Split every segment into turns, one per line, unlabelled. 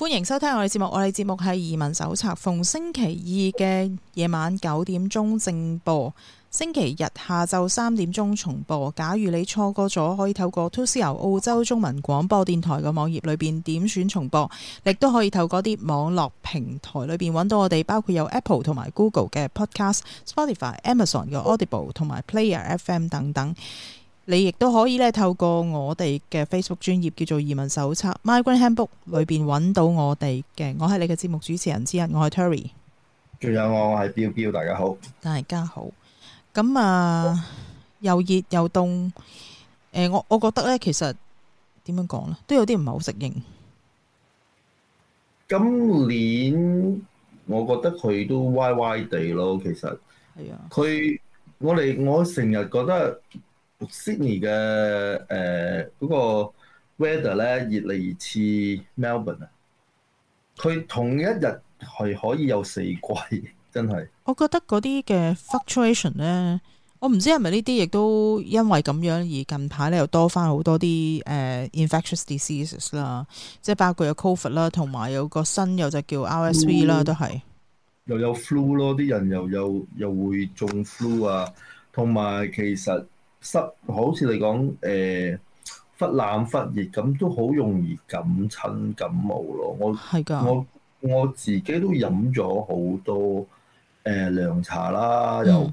歡迎收聽我哋節目，我哋節目係移民手冊，逢星期二嘅夜晚九點鐘正播，星期日下晝三點鐘重播。假如你錯過咗，可以透過 2CR 澳洲中文廣播電台嘅網頁裏邊點選重播，亦都可以透過啲網絡平台裏邊揾到我哋，包括有 Apple 同埋 Google 嘅 Podcast、Spotify、Amazon 嘅 Audible 同埋 Player FM 等等。你亦都可以咧，透過我哋嘅 Facebook 專頁叫做移民手冊 （Migrant Handbook） 裏邊揾到我哋嘅。我係你嘅節目主持人之一，我係 Terry。
仲有我，Bill，我係 Bill Bill, 大家好。
大家好。咁啊，哦、又熱又凍、呃。我我覺得咧，其實點樣講呢？都有啲唔係好適應。
今年我覺得佢都歪歪地咯。其實係啊。佢我哋我成日覺得。Sydney 嘅誒嗰個 weather 咧，越嚟越似 Melbourne 啊。佢同一日係可以有四季，真係。
我覺得嗰啲嘅 fluctuation 咧，我唔知係咪呢啲亦都因為咁樣而近排咧又多返好多啲誒、呃、infectious diseases 啦，即係包括有 COVID 啦，同埋有個新有隻叫 RSV 啦，都係
又有 flu 咯，啲人又有又會中 flu 啊，同埋其實。濕好似你講，誒、呃、忽冷忽熱咁，都好容易感親感冒咯。我的我我自己都飲咗好多誒、呃、涼茶啦，又誒、嗯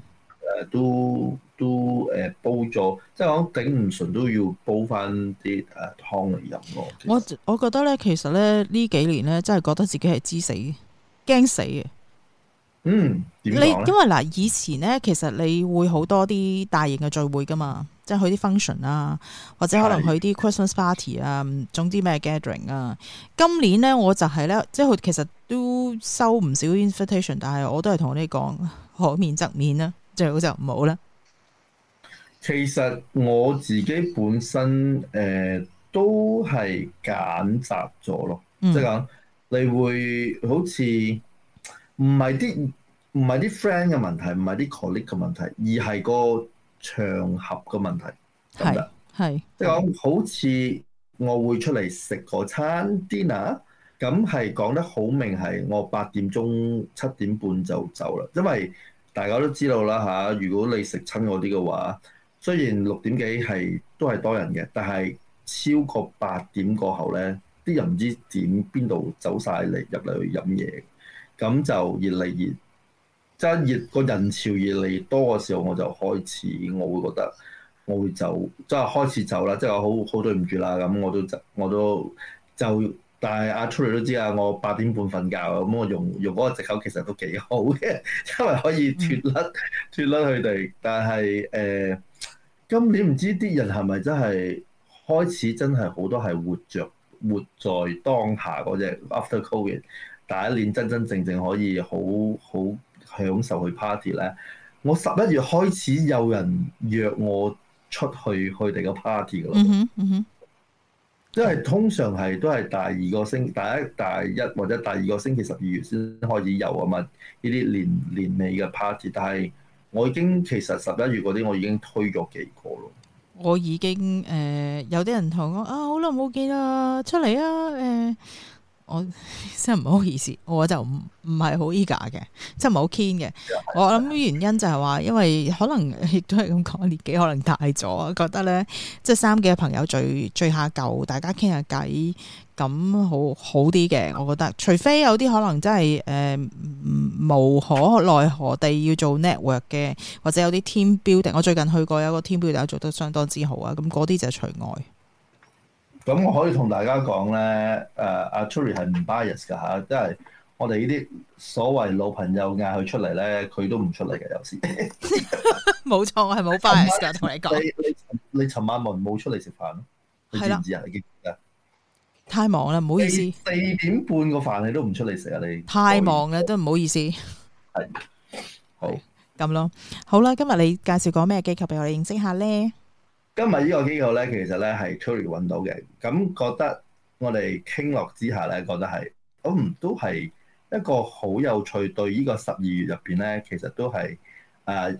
呃、都都誒、呃、煲咗，即係我頂唔順都要煲返啲誒湯嚟飲咯。
我我覺得咧，其實咧呢幾年咧，真係覺得自己係知死，驚死嘅。嗯，你因為嗱以前咧，其實你會好多啲大型嘅聚會噶嘛，即係去啲 function 啊，或者可能去啲 Christmas party 啊，總之咩 gathering 啊。今年咧，我就係、是、咧，即係佢其實都收唔少 invitation，但係我都係同我啲講可免則免啦、啊，最好就唔好啦。
其實我自己本身誒、呃、都係揀擇咗咯，嗯、即係講你會好似唔係啲。唔係啲 friend 嘅問題，唔係啲 colleague 嘅問題，而係個場合嘅問題，係唔係？即係講好似我會出嚟食個餐 dinner，咁係講得好明係我八點鐘七點半就走啦，因為大家都知道啦嚇。如果你食親嗰啲嘅話，雖然六點幾係都係多人嘅，但係超過八點過後咧，啲人唔知點邊度走晒嚟入嚟去飲嘢，咁就越嚟越～真係熱，個人潮越嚟越多嘅時候，我就開始，我會覺得，我會走，即係開始走啦。即係話好好對唔住啦，咁我都走，我都就。但係阿出嚟都知啊，我八點半瞓覺，咁我用用嗰個藉口其實都幾好嘅，因為可以脫甩脫甩佢哋。但係誒、呃，今年唔知啲人係咪真係開始真係好多係活著活在當下嗰隻 After Covid 第一年真真正正，正可以好好。享受去 party 咧，我十一月開始有人約我出去，佢哋個 party 噶咯。因為通常係都係大二個星期大一、大一或者大二個星期，十二月先開始有啊嘛呢啲年年尾嘅 party，但係我已經其實十一月嗰啲， 我已經推咗幾個咯。呃、
我已經誒有啲人同我啊，好耐冇見啦，出嚟啊誒！呃我真係唔好意思，我就唔唔係好 eager 嘅，即係唔好傾嘅。我諗原因就係話，因為可能亦都係咁講，年紀可能大咗，覺得咧即係三幾個朋友聚聚下舊，大家傾下偈，咁好好啲嘅。我覺得，除非有啲可能真係誒、呃、無可奈何地要做 network 嘅，或者有啲 team building。我最近去過有個 team building，做得相當之好啊。咁嗰啲就除外。
咁我可以同大家講咧，誒阿 Tury 係唔 bias 噶嚇，即係我哋呢啲所謂老朋友嗌佢出嚟咧，佢都唔出嚟嘅有時。
冇 錯，我係冇 bias 噶，同天你講。你
你你尋晚冇出嚟食飯咯？係啦，了太忙啦，唔好意思。四點半個飯你都唔出嚟食啊？你
太忙啦，都唔好意思。
係好咁咯。
好啦，今日你介紹過咩機構俾我哋認識下咧？
今日呢個機構咧，其實咧係 Tury 揾到嘅，咁覺得我哋傾落之下咧，覺得係咁都係一個好有趣。對個呢個十二月入邊咧，其實都係誒、呃、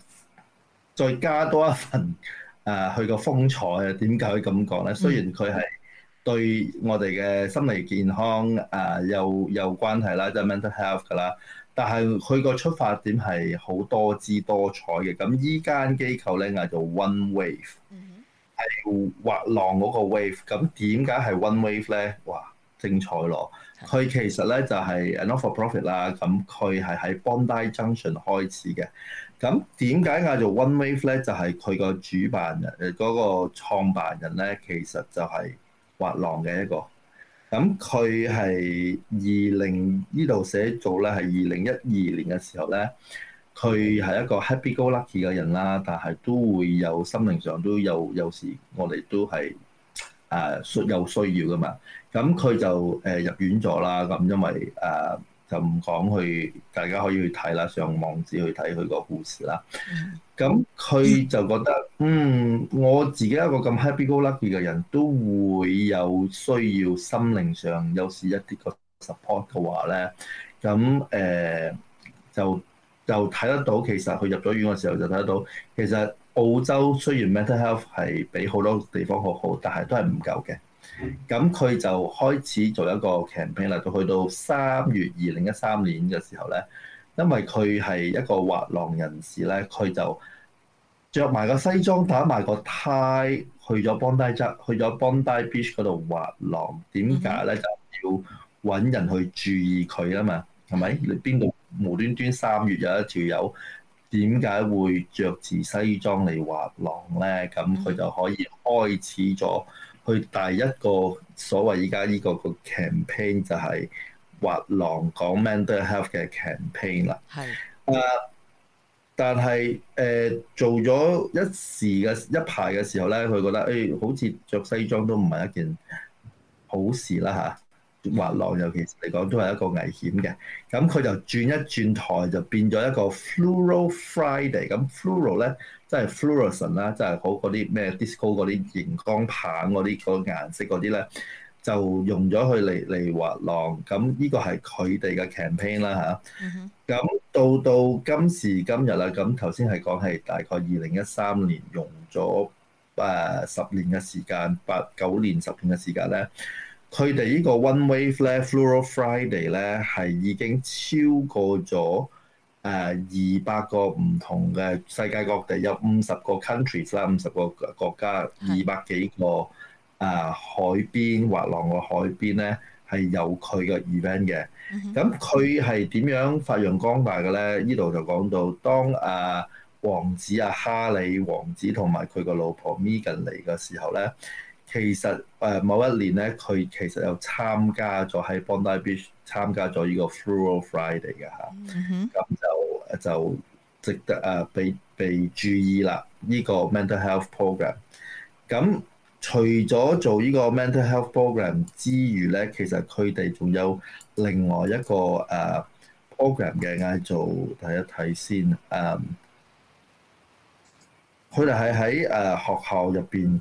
再加多一份誒佢個風采啊？點解咁講咧？雖然佢係對我哋嘅心理健康誒、呃、有有關係啦，即、就、係、是、mental health 噶啦，但係佢個出發點係好多姿多彩嘅。咁依間機構咧嗌做 One Wave、嗯。係滑浪嗰個 wave，咁點解係 one wave 咧？哇，精彩咯！佢其實咧就係 non for profit 啦，咁佢係喺 Bondi Junction 開始嘅。咁點解嗌做 one wave 咧？就係佢個主辦人誒嗰、嗰個創辦人咧，其實就係滑浪嘅一個。咁佢係二零呢度寫做咧係二零一二年嘅時候咧。佢係一個 happy go lucky 嘅人啦，但係都會有心靈上都有有時我哋都係誒需有需要㗎嘛。咁佢就誒、呃、入院咗啦，咁因為誒、呃、就唔講去，大家可以去睇啦，上網址去睇佢個故事啦。咁佢就覺得嗯，我自己一個咁 happy go lucky 嘅人都會有需要心靈上有時一啲個 support 嘅話咧，咁誒、呃、就。就睇得到，其實佢入咗院嘅時候就睇得到。其實澳洲雖然 mental health 係比好多地方好好，但係都係唔夠嘅。咁佢就開始做一個 campaign 啦。到去到三月二零一三年嘅時候咧，因為佢係一個滑浪人士咧，佢就着埋個西裝打埋個 tie，去咗邦迪 Beach，去咗邦迪 Beach 嗰度滑浪。點解咧？就要揾人去注意佢啊嘛？係咪？你邊度？無端端三月有一條友點解會着住西裝嚟滑浪咧？咁佢就可以開始咗去第一個所謂而家呢個個 campaign 就係滑浪講 mental health 嘅 campaign 啦。係啊是，uh, 但係誒、呃、做咗一時嘅一排嘅時候咧，佢覺得誒、欸、好似着西裝都唔係一件好事啦嚇。啊滑浪尤其嚟講都係一個危險嘅，咁佢就轉一轉台就變咗一個 Fluoro Friday，咁 fluoro 咧即係 fluorescent 啦，即係好嗰啲咩 disco 嗰啲熒光棒嗰啲、嗰個顏色嗰啲咧，就用咗去嚟嚟滑浪，咁呢個係佢哋嘅 campaign 啦吓，咁、mm hmm. 到到今時今日啦，咁頭先係講係大概二零一三年用咗誒十年嘅時間，八九年十年嘅時間咧。佢哋呢個 One Wave 咧、mm hmm. Floral Friday 咧係已經超過咗誒二百個唔同嘅，世界各地有五十個 countries 啦，五十個國家二百、mm hmm. 幾個誒、呃、海邊滑浪嘅海邊咧係有佢嘅 event 嘅。咁佢係點樣發揚光大嘅咧？呢度就講到當誒、啊、王子阿、啊、哈利王子同埋佢個老婆 Megan 嚟嘅時候咧。其實誒某一年咧，佢其實有參加咗喺 Bondi Beach 參加咗呢個 Fluoro Friday 嘅嚇，咁就、mm hmm. 就值得啊被被注意啦！呢、呢個 mental health program。咁除咗做呢個 mental health program 之餘咧，其實佢哋仲有另外一個誒 program 嘅嗌做睇一睇先啊。佢哋係喺誒學校入邊。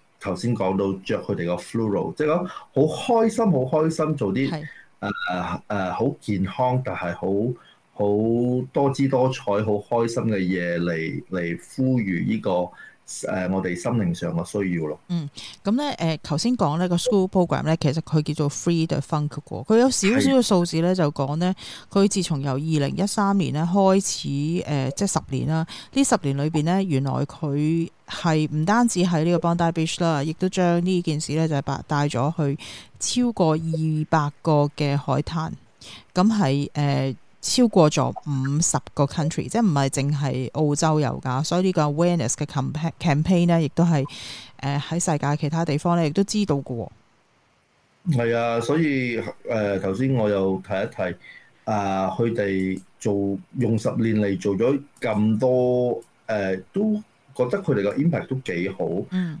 頭先講到着佢哋個 floral 即係講好開心，好開心做啲誒誒好健康，但係好好多姿多彩、好開心嘅嘢嚟嚟呼籲呢個。誒、呃，我哋心靈上嘅需要咯。嗯，
咁咧，誒頭先講呢個 school program 咧，其實佢叫做 free the funk 喎。佢有少少嘅數字咧，就講呢，佢自從由二零一三年咧開始，誒、呃、即係十年啦。呢十年裏邊呢，原來佢係唔單止喺呢個 Bondi Beach 啦，亦都將呢件事咧就係白帶咗去超過二百個嘅海灘。咁係誒。呃超過咗五十個 country，即係唔係淨係澳洲有㗎，所以呢個 awareness 嘅 campaign 咧，亦都係誒喺世界其他地方咧，亦都知道嘅。
係、嗯、 啊，所以誒頭先我又提一提啊，佢、呃、哋做用十年嚟做咗咁多，誒、呃、都覺得佢哋嘅 impact 都幾好，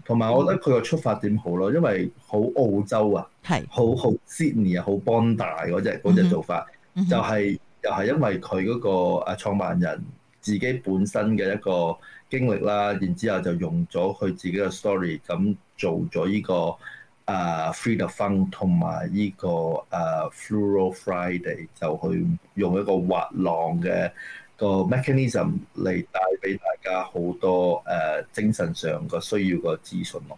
同埋、嗯、我覺得佢嘅出發點好咯，嗯、因為好澳洲啊，係是好好 Sydney 啊，好邦大嗰隻隻做法就係。又係因為佢嗰個啊創辦人自己本身嘅一個經歷啦，然之後就用咗佢自己嘅 story，咁做咗呢個啊、uh, Freedom Fund 同埋呢個啊、uh, Floral Friday，就去用一個滑浪嘅個 mechanism 嚟帶俾大家好多誒、uh, 精神上嘅需要嘅資訊咯。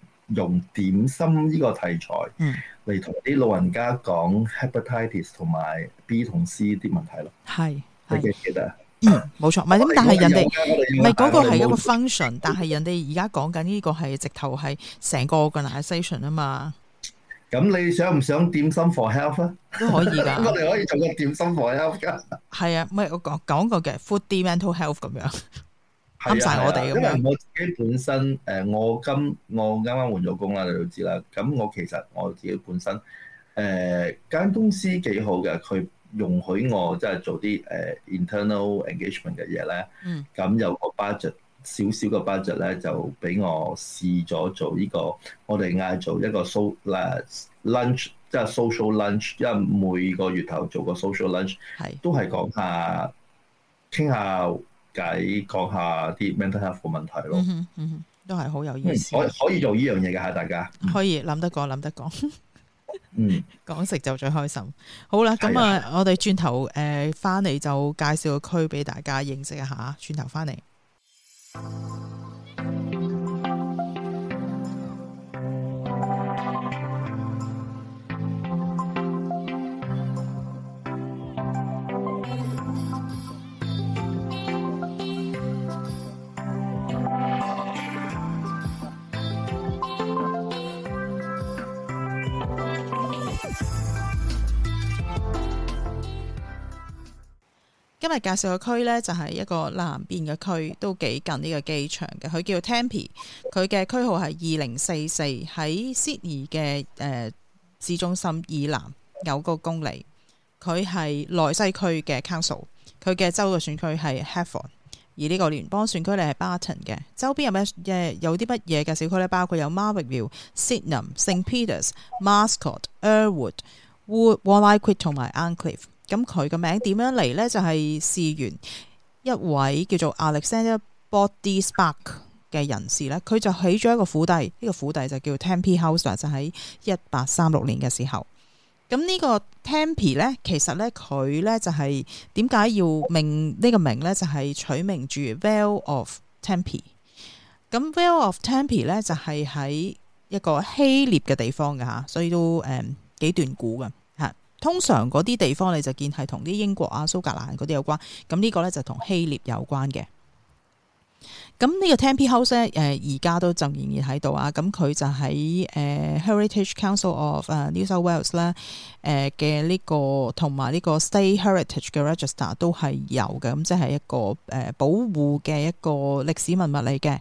用點心呢個題材嚟同啲老人家講 hepatitis 同埋 B 同 C 啲問題咯。係，你記唔記得？嗯，冇錯。唔係點？但係人哋唔係嗰個係一個
function，但係人哋而家講緊呢個係直頭係成個 organization 啊嘛。
咁你想唔想點心 for health 啊？都可以㗎。我哋可以做個點心 for health
㗎。係啊，唔係我講講過嘅 food d mental health 咁樣。
啱晒，我哋因為我自己本身誒，我今我啱啱換咗工啦，你都知啦。咁我其實我自己本身誒間、呃、公司幾好嘅，佢容許我即係做啲誒、呃、internal engagement 嘅嘢咧。咁、嗯、有個 budget 少少嘅 budget 咧，就俾我試咗做呢個，我哋嗌做一個 so, lunch, social lunch，即係 social lunch，因為每個月頭做個 social lunch，是都係講下傾下。解講下啲 mental health 問題咯，
都係好有意思，嗯可。可以
做呢樣嘢嘅嚇，大家
可以諗得過，諗得過，嗯，
嗯
講食就最開心。好啦，咁啊，的我哋轉頭誒翻嚟就介紹個區俾大家認識一下。轉頭翻嚟。嗯今日介紹個區咧，就係一個南邊嘅區，都幾近呢個機場嘅。佢叫做 Tempe，佢嘅區號係二零四四，喺 Sydney 嘅誒市中心以南有個公里。佢係內西區嘅 Council，佢嘅州嘅選區係 Heffron，而呢個聯邦選區咧係 Barton 嘅。周邊有咩誒有啲乜嘢嘅小區咧？包括有 Marrickville、Sydenham、St. Peters、Mascot、Earlwood、Wood、Wolli Creek 同埋 Arncliffe。咁佢個名點樣嚟呢？就係事緣一位叫做 Alexander Boddy Spark 嘅人士呢，佢就起咗一個府邸，呢、這個府邸就叫 Tempe House，就喺一八三六年嘅時候。咁呢個 Tempe 呢，其實呢，佢呢就係點解要命呢個名呢？就係、是、取、這個、名住 Vale of Tempe。咁 Vale of Tempe 呢，就係、是、喺、就是、一個希臘嘅地方嘅吓，所以都誒、嗯、幾段古嘅。通常嗰啲地方你就見係同啲英國啊、蘇格蘭嗰啲有關，咁呢個咧就同希臘有關嘅。咁呢個 Tempe House 咧、呃，誒而家都仍然喺度啊。咁佢就喺誒、呃、Heritage Council of New South Wales 咧誒嘅呢個同埋呢個 State Heritage 嘅 Register 都係有嘅。咁即係一個誒、呃、保護嘅一個歷史文物嚟嘅。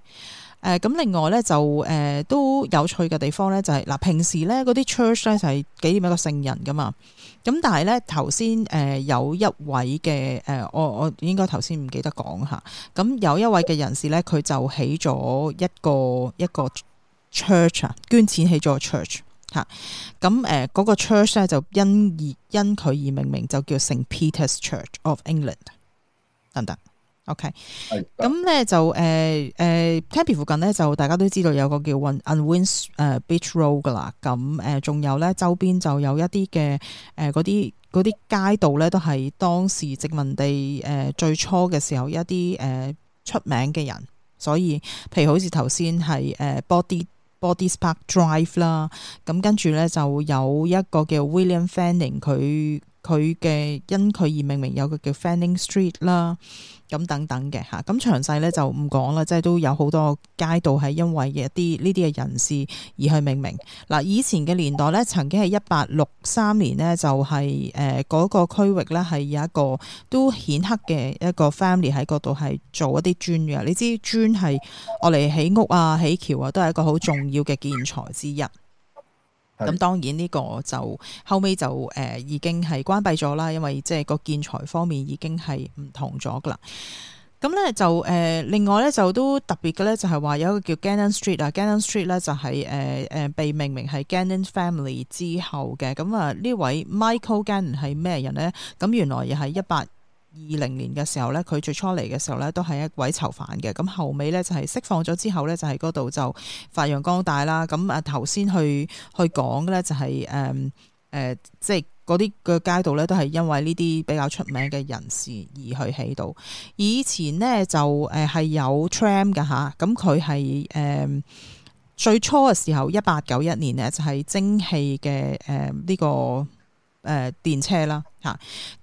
誒咁、呃、另外咧就誒、呃、都有趣嘅地方咧就係、是、嗱、呃、平時咧嗰啲 church 咧就係紀念一個聖人噶嘛，咁但係咧頭先誒有一位嘅誒、呃、我我應該頭先唔記得講嚇，咁有一位嘅人士咧佢就起咗一個一個 church 啊，捐錢起咗個 church 嚇、啊，咁誒嗰個 church 咧就因而因佢而命名就叫 Saint Peter's Church of England，得唔得？OK，咁咧的就誒誒、呃呃、Tempe 附近咧就大家都知道有個叫 Unwins 誒 Beach Road 噶啦，咁誒仲有咧周邊就有一啲嘅誒嗰啲嗰啲街道咧都係當時殖民地誒、呃、最初嘅時候一啲誒、呃、出名嘅人，所以譬如好似頭先係誒 Body Body Spark Drive 啦，咁跟住咧就有一個叫 William Fanning 佢。佢嘅因佢而命名有個叫 Fanning Street 啦，咁等等嘅吓，咁詳細咧就唔講啦，即係都有好多街道係因為一啲呢啲嘅人士而去命名。嗱、啊，以前嘅年代咧，曾經係一八六三年咧，就係誒嗰個區域咧係有一個都顯赫嘅一個 family 喺嗰度係做一啲磚嘅。你知磚係我哋起屋啊、起橋啊，都係一個好重要嘅建材之一。咁當然呢個就後尾就誒、呃、已經係關閉咗啦，因為即係個建材方面已經係唔同咗噶啦。咁咧就誒、呃、另外咧就都特別嘅咧就係、係、話有一個叫 Gannon Street 啊，Gannon Street 咧就係誒誒被命名係 Gannon Family 之後嘅。咁啊呢位 Michael Gannon 係咩人咧？咁原來又係一八二零年嘅時候咧，佢最初嚟嘅時候咧，都係一位囚犯嘅。咁後尾咧就係釋放咗之後咧，就喺嗰度就發揚光大啦。咁啊頭先去去講嘅咧、就係嗯呃，就係誒誒，即係嗰啲嘅街道咧，都係因為呢啲比較出名嘅人士而去起度。以前呢，就誒、係、係有 tram 噶。嚇，咁佢係誒最初嘅時候一八九一年呢，就係、係、蒸汽嘅誒呢個。誒、呃，電車啦，吓、嗯，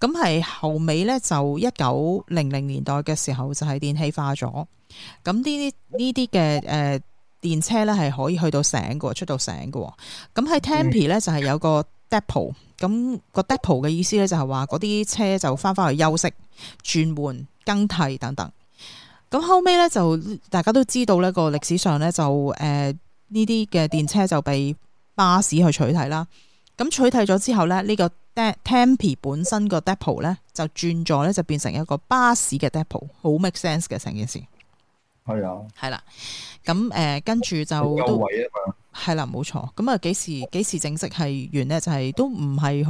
咁係後尾咧就一九零零年代嘅時候就係電氣化咗，咁呢啲呢啲嘅誒電車咧係可以去到醒嘅，出到醒嘅，咁喺 Tempe 咧就係有個 Depot，咁個 Depot 嘅意思咧就係話嗰啲車就翻翻去休息、轉換、更替等等，咁後尾咧就大家都知道呢個歷史上咧就誒呢啲嘅電車就被巴士去取締啦。咁取締咗之後咧，呢、這個 Tempe 本身個 depot 咧就轉咗咧就變成一個巴士嘅 depot 好 make sense 嘅成件事。係的、嗯嗯、啊，係啦、嗯。咁誒跟住就都係啦，冇錯。咁啊幾時幾時正式係完咧？就係、是、都唔係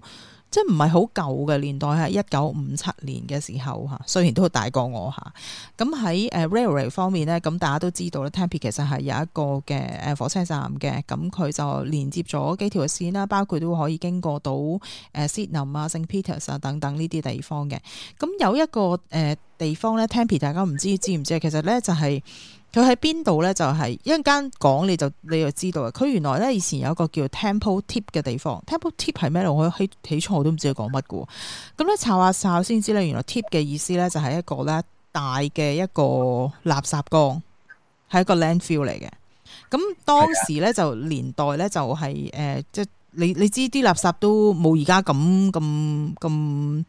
好。即係唔係好舊嘅年代係一九五七年嘅時候嚇，雖然都大過我嚇。咁喺誒 Railway 方面咧，咁大家都知道啦 Tempe 其實係有一個嘅誒火車站嘅，咁佢就連接咗幾條線啦，包括都可以經過到誒 Sydenham 啊、St Peters 啊等等呢啲地方嘅。咁有一個誒地方咧，Tempe 大家唔知知唔知其實咧就係、是。佢喺邊度咧？就係一陣間講，你就你又知道嘅。佢原來咧以前有一個叫 Tempe Tip 嘅地方。Tempe Tip 係咩咧？我起起初我都唔知佢講乜嘅。咁咧查下哨先知咧，原來 Tip 嘅意思咧就係、是、一個咧大嘅一個垃圾缸，係一個 landfill 嚟嘅。咁、嗯、當時咧的就年代咧就係、是、誒，即、呃、係、就是、你你知啲垃圾都冇而家咁咁咁。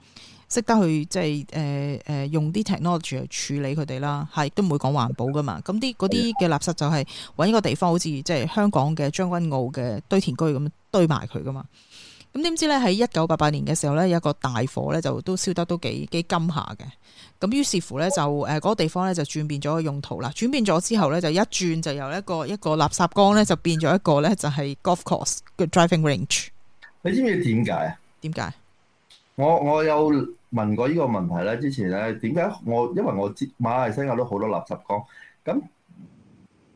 識得去即係誒誒用啲 technology 去處理佢哋啦，係都唔會講環保噶嘛。咁啲嗰啲嘅垃圾就係揾一個地方，好似即係香港嘅將軍澳嘅堆填區咁堆埋佢噶嘛。咁點知咧喺一九八八年嘅時候咧，有一個大火咧就都燒得都幾幾金下嘅。咁於是乎咧就誒嗰個地方咧就轉變咗個用途啦。轉變咗之後咧就一轉就由一個一個垃圾缸咧就變咗一個咧就係 golf course 嘅 driving range。你知
唔知點解啊？點解？我我有問過依個問題咧，之前咧點解我因為我知馬來西亞都好多垃圾缸，咁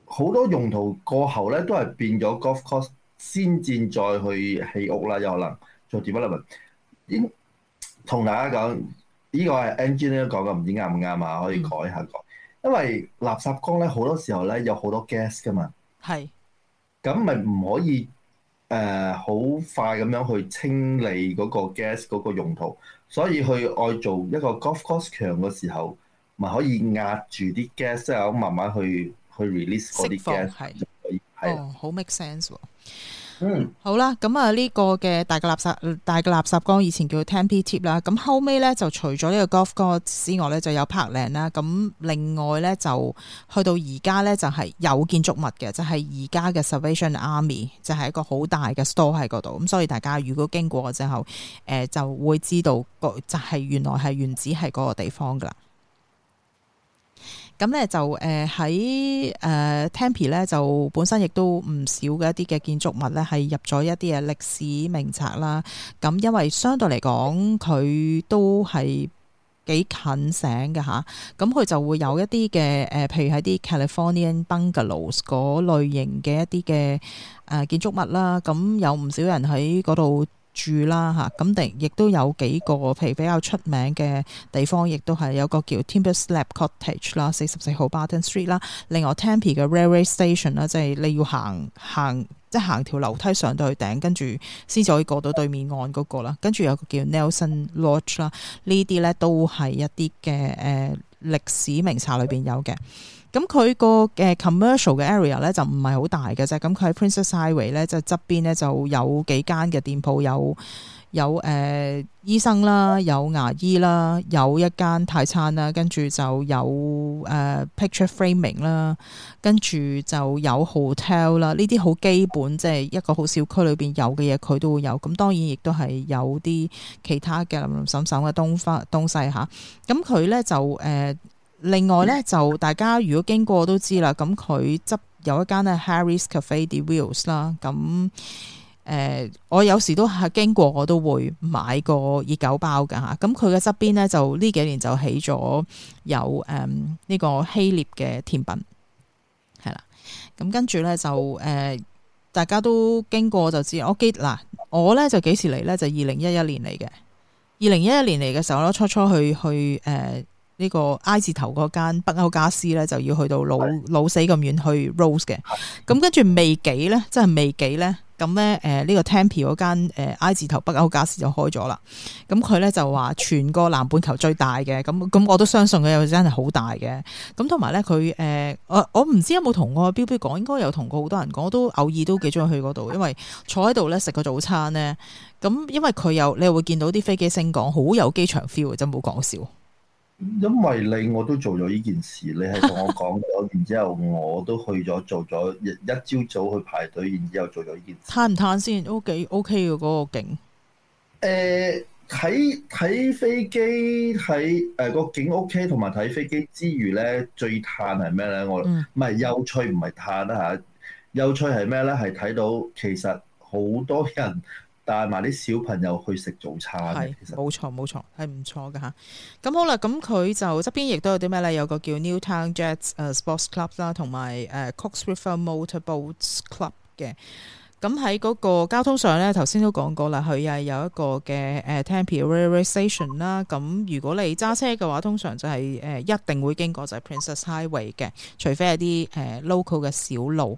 好多用途過後咧都係變咗 golf course 先至再去起屋啦，有可能做 development。應同大家講，依個係 engineer 講嘅，唔知啱唔啱啊？可以改下講，因為垃圾缸咧好多時候咧有好多 gas 㗎嘛。係。咁咪唔可以？誒好、uh, 快咁樣去清理嗰個 gas 嗰個用途，所以去愛做一個 golf course 場嘅時候，咪可以壓住啲 gas，即係慢慢去去 release 嗰啲 gas。係哦，好是、oh, make sense 喎。
嗯、好啦，咁啊呢個嘅大嘅垃圾大嘅垃圾缸以前叫 Tempe Tip 啦，咁後尾咧就除咗呢個 Golf Course 之外咧就有 Parkland 啦，咁另外咧就去到而家咧就係有建築物嘅，就係、是、而家嘅 Salvation Army 就係一個好大嘅 store 喺嗰度，咁所以大家如果經過之後，誒、呃、就會知道個就係原來係原址係嗰個地方噶啦。咁咧、嗯、就誒喺、呃、誒、呃、Tempe 咧就本身亦都唔少嘅一啲嘅建築物咧係入咗一啲嘅歷史名冊啦。咁、啊、因為相對嚟講佢都係幾近醒嘅吓。咁、啊、佢就會有一啲嘅誒，譬如喺啲 Californian bungalows 嗰類型嘅一啲嘅誒建築物啦。咁、啊嗯、有唔少人喺嗰度住啦嚇，咁定亦都有幾個，譬如比較出名嘅地方，亦都係有個叫 Tempe Slab Cottage 啦，四十四號 Barton Street 啦，另外 Tempe 嘅 Railway Station 啦，即係你要行行即係行條樓梯上到去頂，跟住先至可以過到對面岸嗰個啦。跟住有個叫 Nelson Lodge 啦，呢啲呢都係一啲嘅誒歷史名冊裏邊有嘅。咁佢個嘅 commercial 嘅 area 咧就唔係好大嘅啫，咁佢喺 Princess Highway 咧就側邊咧就有幾間嘅店鋪，有有誒、呃、醫生啦，有牙醫啦，有一間泰餐啦，跟住就有誒、呃、picture framing 啦，跟住就有 hotel 啦，呢啲好基本，即、就、係、是、一個好小區裏邊有嘅嘢佢都會有。咁當然亦都係有啲其他嘅林林紛紛嘅東方東西嚇。咁佢咧就誒。呃另外呢，就大家如果經過都知啦，咁佢執有一間咧 Harry's Cafe de Wheels 啦，咁、呃、誒，我有時都係經過，我都會買個熱狗包嘅嚇。咁佢嘅側邊、嗯這個、呢，就呢幾年就起咗有誒呢個希臘嘅甜品，係啦。咁跟住呢，就誒，大家都經過就知。我記嗱，我呢，就幾時嚟呢？就二零一一年嚟嘅，二零一一年嚟嘅時候咯，初初去去誒。呃呢個 I 字頭嗰間北歐傢俬咧，就要去到老老死咁遠去 Rose 嘅。咁跟住未幾咧，真係未幾咧，咁咧誒呢、這個 Tempe 嗰間 I 家、呃、字頭北歐傢俬就開咗啦。咁佢咧就話全個南半球最大嘅。咁咁我都相信佢又真係好大嘅。咁同埋咧，佢誒、呃、我我唔知有冇同過 Bill Bill 講，應該有同過好多人講。我都偶爾都幾中意去嗰度，因為坐喺度咧食個早餐咧。咁因為佢又，你又會見到啲飛機升降，好有機場 feel 啊！真冇講笑。
因為你我都做咗呢件事，你係同我講咗， 然之後我都去咗做咗，一朝早去排隊，然之後做咗呢件
事。嘆唔嘆先？都幾 OK 嘅、okay、嗰、那個景。
誒、呃，睇睇飛機，睇誒個景 OK，同埋睇飛機之餘咧，最嘆係咩咧？我唔係有趣，唔係嘆啦嚇。有趣係咩咧？係睇到其實好多人。帶埋啲小朋友去食早
餐咧，其實冇錯冇錯，係唔錯嘅嚇。咁好啦，咁佢就側邊亦都有啲咩咧？有個叫 Newtown Jets Sports Club 啦，同埋誒 Cooks River Motorboats Club 嘅。咁喺嗰個交通上咧，頭先都講過啦，佢又係有一個嘅誒 Tempe Railway Station 啦。咁如果你揸車嘅話，通常就係誒一定會經過就係 Princess Highway 嘅，除非係啲誒 local 嘅小路。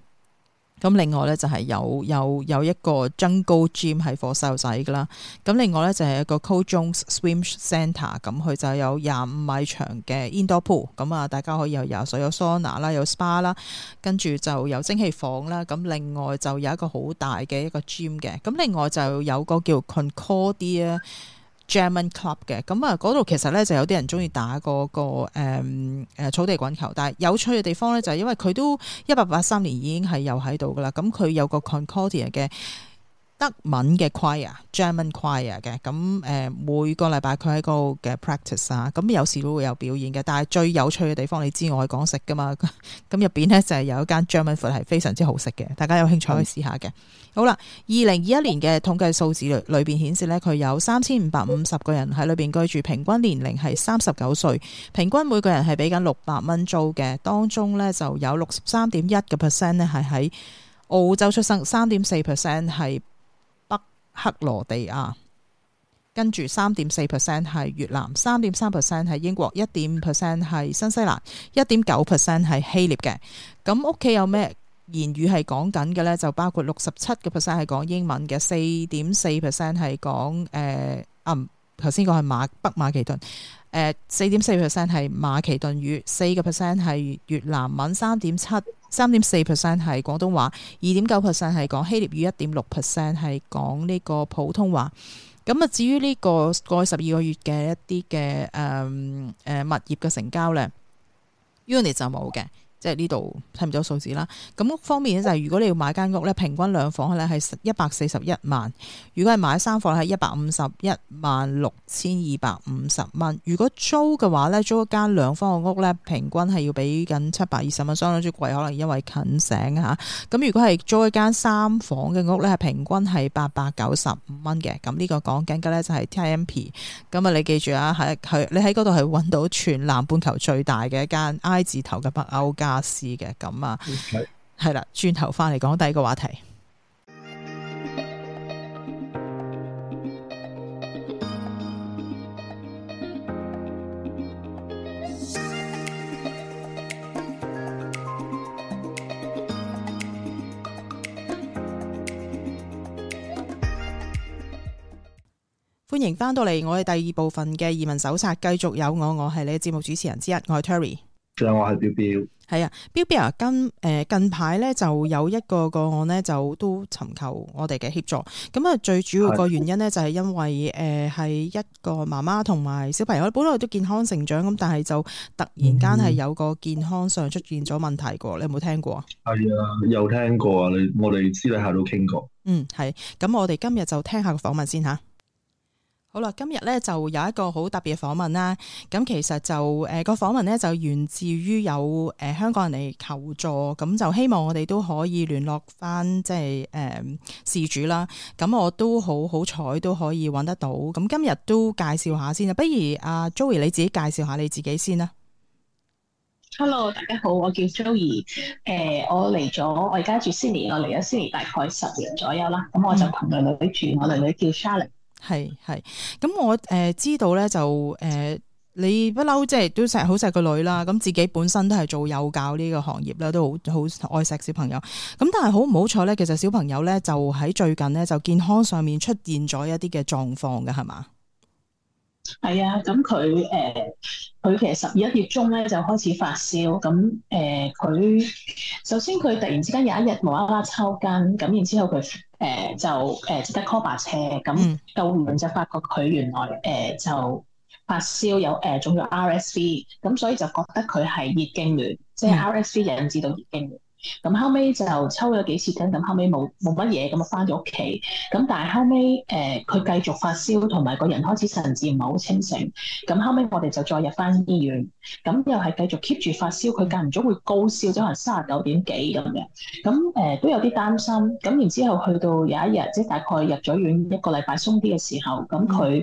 咁另外呢，就係有有有一個增高 gym 係火細路仔㗎啦，咁另外呢，就係一個 Co-Jones Swim Centre，咁佢就有廿五米長嘅 indoor pool，咁啊大家可以去遊，所有 sauna 啦，有 spa 啦，跟住就有蒸氣房啦，咁另外就有一個好大嘅一個 gym 嘅，咁另外就有個叫 Concordia。German club 嘅，咁啊嗰度其實咧就有啲人中意打嗰、嗰個誒、嗯、草地滾球，但係有趣嘅地方咧就係因為佢都一八八三年已經係有喺度噶啦，咁佢有個 Concordia 嘅。德文嘅 choir，German choir 嘅咁誒，每個禮拜佢喺個嘅 practice 啊，咁有時都會有表演嘅。但係最有趣嘅地方，你知我係講食噶嘛？咁入邊呢，就係有一間 German food 係非常之好食嘅，大家有興趣可以試下嘅。嗯、好啦，二零二一年嘅統計數字裏邊顯示呢佢有三千五百五十個人喺裏邊居住，平均年齡係三十九歲，平均每個人係俾緊六百蚊租嘅，當中呢，就有六十三點一嘅 percent 呢，係喺澳洲出生，三點四 percent 係克羅地亞，跟住三點四 percent 係越南，三點三 percent 係英國，一點五 percent 係新西蘭，一點九 percent 係希臘嘅。咁屋企有咩言語係講緊嘅呢？就包括六十七個 percent 係講英文嘅，四點四 percent 係講誒，啊頭先講係馬北馬其頓。四點四 percent 係馬其頓語，四個 percent 係越南文，三點七、三點四 percent 係廣東話，二點九 percent 係講希臘語，一點六 percent 係講呢個普通話。咁啊，至於呢個過去十二個月嘅一啲嘅誒誒物業嘅成交量，unit 就冇嘅。即係呢度睇唔到數字啦。咁屋方面咧，就是，就係如果你要買間屋咧，平均兩房咧係一百四十一萬，如果係買三房係一百五十一萬六千二百五十蚊。如果租嘅話咧，租一間兩房嘅屋咧，平均係要俾緊七百二十蚊，相當之貴，可能因為近醒。嚇、啊。咁如果係租一間三房嘅屋咧，係平均係八百九十五蚊嘅。咁，這，呢個講緊嘅咧就係 Tempe。咁啊，你記住啊，係佢你喺嗰度係揾到全南半球最大嘅一間 I 字頭嘅北歐間。阿斯嘅咁啊，係啦，轉頭翻嚟講第二個話題。 歡迎翻到嚟，我哋第二部分嘅移民手冊，繼續有我，我係你嘅節目主持人之一，我係 Terry。我係 Bill Bill，係啊，Bill Bill 啊，跟誒近排咧、呃、就有一個個案咧，就都尋求我哋嘅協助。咁啊，最主要個原因咧，就係因為誒，係的、呃、一個媽媽同埋小朋友咧，我哋本來都健康成長，咁但係就突然間係有個健康上出現咗問題。㗎你有冇聽
過？係啊，有聽過啊，我你我哋私底下都傾過。嗯，
係。咁我哋今日就聽下個訪問先吓。好啦，今日咧就有一個好特別嘅訪問啦。咁其實就誒個訪問咧就源自於有誒、呃、香港人嚟求助，咁、嗯、就希望我哋都可以聯絡翻即係誒、呃、事主啦。咁、嗯、我都好好彩都可以揾得到。咁今日都介紹下先啦。不如阿、啊、Joey 你自己介紹下你自己先啦。
Hello，大家好，我叫 Joey。誒、呃，我嚟咗，我而家住 Sydney，我嚟咗 Sydney 大概十年左右啦。咁我就同我女,女住，mm
hmm. 我女女叫 Charlotte。係係，咁我誒、呃、知道咧就誒、呃，你不嬲即係都錫好錫個女啦，咁自己本身都係做幼教呢個行業啦，都好好愛錫小朋友。咁但係好唔好彩咧，其實小朋友咧就喺最近咧就健康上面出現咗一啲嘅狀況嘅，係嘛？
係啊，咁佢誒、佢、呃、其實十一月中咧就開始發燒，咁誒、佢、呃、首先佢突然之間有一日冇啦啦抽筋，咁然後之後佢。誒、呃、就誒即係 call 白車。咁、嗯、到完就發覺佢原來誒、呃、就發燒有，呃、有誒仲有 RSV，咁所以就覺得佢係熱痙攣，嗯、即係 RSV 引致到熱痙攣。咁後尾就抽咗幾次筋，咁後尾冇冇乜嘢，咁啊翻咗屋企。咁但係後尾誒佢繼續發燒，同埋個人開始神志唔係好清醒。咁後尾我哋就再入翻醫院，咁又係繼續 keep 住發燒，佢間唔中會高燒，可能三十九點幾咁樣。咁、呃、誒都有啲擔心。咁然之後去到有一日，即係大概入咗院一個禮拜鬆啲嘅時候，咁佢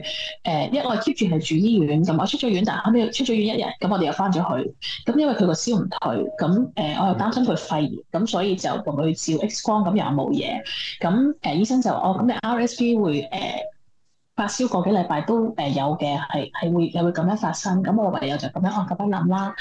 因為我係 keep 住係住醫院。咁我出咗院，但係後尾出咗院一日，咁我哋又翻咗去。咁因為佢個燒唔退，咁誒、呃、我又擔心佢肺。咁所以就同佢照 X 光，咁又冇嘢。咁誒、呃、醫生就話：哦，咁你 RSV 會誒、呃、發燒個幾禮拜都誒有嘅，係係會又會咁樣發生。咁我唯有就咁樣按咁樣諗啦。